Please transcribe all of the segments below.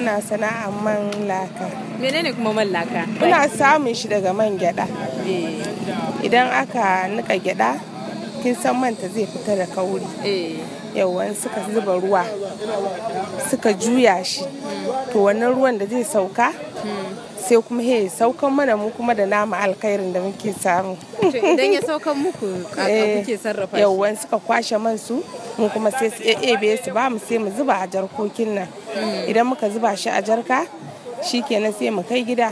muna sana'a man laka menene kuma man laka muna samun shi daga man gyada eh. idan aka nika gyada kin san manta zai fita da kauri eh. yawan suka zuba ruwa suka juya shi to wannan ruwan da zai sauka sai kuma he saukan mana mu kuma da nama alkhairin da muke samu idan ya saukan muku kaka eh, kuke sarrafa shi yawan suka kwashe man su mu kuma sai su ebe su ba mu sai mu zuba a jarkokin nan hmm. idan muka zuba shi a jarka shikenan sai mu kai gida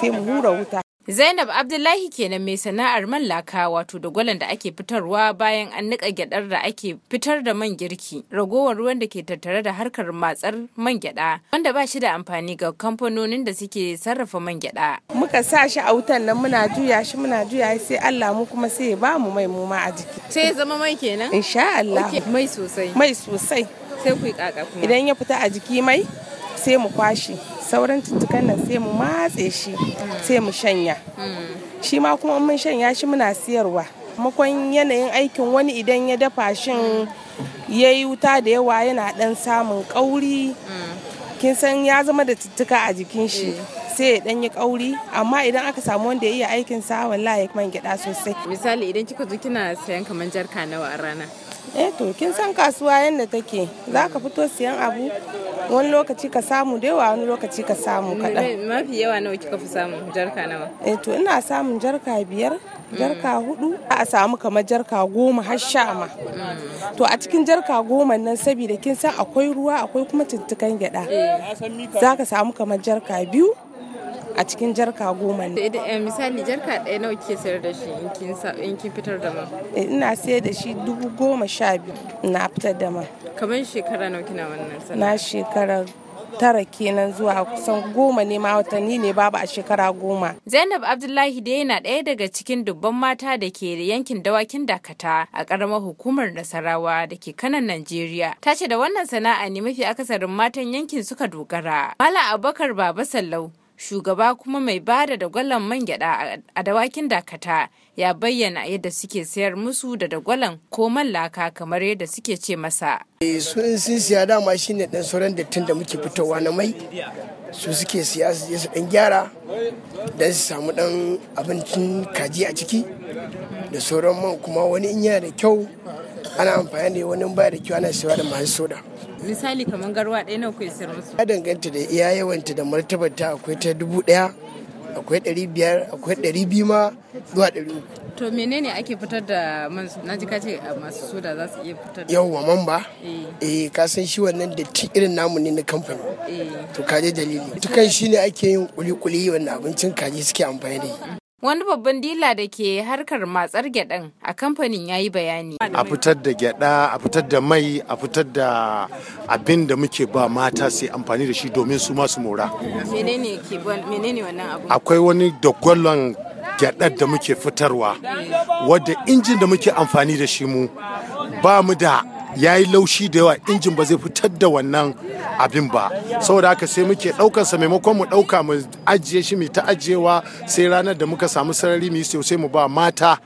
sai mu hura wuta Zainab Abdullahi kenan mai sana'ar man laka wato da gwalan da ake fitarwa bayan an nika gyadar da ake fitar da man girki ragowar ruwan da ke tattare da harkar matsar man gyada wanda ba shi da amfani ga kamfanonin da suke sarrafa man gyada. Muka sa shi a wutan nan muna juya shi muna juya sai Allah mu kuma sai ya ba mu mai mu ma a jiki. Sai ya zama mai kenan? Insha Allah. Mai sosai. Mai sosai. Sai ku yi kaka kuma. Idan ya fita a jiki mai sai mu kwashe. sauran tuntukan nan sai mu matse shi sai mu shanya shi ma kuma mun shanya shi muna siyarwa makon yanayin aikin wani idan ya dafa shin ya yi wuta da yawa yana dan samun kauri kin san ya zama da tuttuka a jikin shi sai ya dan yi kauri amma idan aka samu wanda ya iya aikin sa wallahi man gyaɗa sosai misali idan kika zo kina sayan kamar jarka nawa a rana eh to kin san kasuwa yadda take za ka fito siyan abu wani lokaci ka samu da yawa wani lokaci ka samu kaɗan mafi yawa nawa kika fi samu jarka nawa eh to ina samun jarka biyar jarka hudu a samu kamar jarka goma har sha ma to a cikin jarka goma nan saboda kin san akwai ruwa akwai kuma tuntukan gyada eh, za ka samu kamar jarka biyu a cikin jarka goma ne. Eh, eh, misali jarka ɗaya nawa ke sayar da shi in kin fitar da man? Eh, ina sayar da shi dubu goma sha biyu na fitar da man. Kamar shekara nawa kina wannan sana'a? Na shekara tara kenan zuwa kusan goma ne ma watanni ne babu a shekara goma. Zainab Abdullahi dai yana ɗaya daga cikin dubban mata da ke da yankin dawakin Dakata a ƙaramar hukumar Nasarawa da ke kanan Najeriya. Ta ce da wannan sana'a ne mafi akasarin matan yankin suka dogara. Mala Abubakar Baba Sallau shugaba kuma mai bada da dagwalon man gyada a dawakin dakata ya bayyana yadda suke sayar musu da dagwalon ko mallaka kamar yadda suke ce masa. Eh, sun sun siya dama shine dan sauran dattin da muke fitowa na mai su suke siya su je su dan gyara dan su samu dan abincin kaji a ciki da sauran man kuma wani in yana da kyau ana amfani da wani baya da kyau ana sayarwa da masu soda misali kamar garwa ɗaya nawa kuke siyar musu ya danganta da iya yawanta da martabar ta akwai ta dubu ɗaya akwai ɗari biyar akwai ɗari biyu ma zuwa ɗari uku to menene ake fitar da man na ji ka ce masu soda za su iya fitar da Yau wa man ba eh. eh ka san shi wannan da ti irin namu ne na kamfani eh. to kaje dalili tukan shine ake yin kuli-kuli wannan abincin kaji suke amfani da Wani babban dila da ke harkar matsar gyaɗan a kamfanin ya yi bayani. A fitar da gyaɗa, a fitar da mai, a fitar da abin da muke ba mata sai amfani da shi domin su masu mora. Menene wannan abu? Akwai wani dagwalon gyaɗar da muke fitarwa, wadda injin da muke amfani da shi mu ba mu da ya yi laushi da yawa injin ba zai fitar da wannan abin ba saboda haka sai muke ɗaukarsa maimakon mu ɗauka mu ajiye shi mu ta ajiyewa sai ranar da muka samu sarari mu yi sai mu ba mata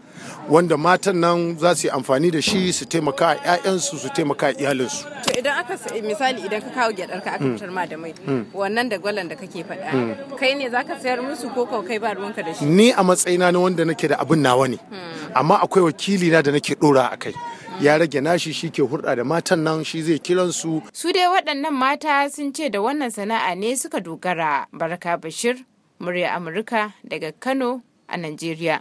wanda matan nan za su yi amfani da shi su taimaka a 'ya'yansu su taimaka a iyalinsu. To idan aka misali idan ka kawo gyadar ka aka hmm. fitar ma da mai hmm. wannan da gwalan da kake faɗa hmm. kai ne za ka sayar musu ko kai ba ruwanka da shi. Ni a matsayina na wanda nake da abin nawa ne amma akwai wakili na da nake ɗora a kai. ya rage nashi shi ke hurɗa da matan nan shi zai kiran su. Su dai waɗannan mata sun ce da wannan sana'a ne suka dogara. Barka Bashir, murya Amurka daga Kano a Najeriya.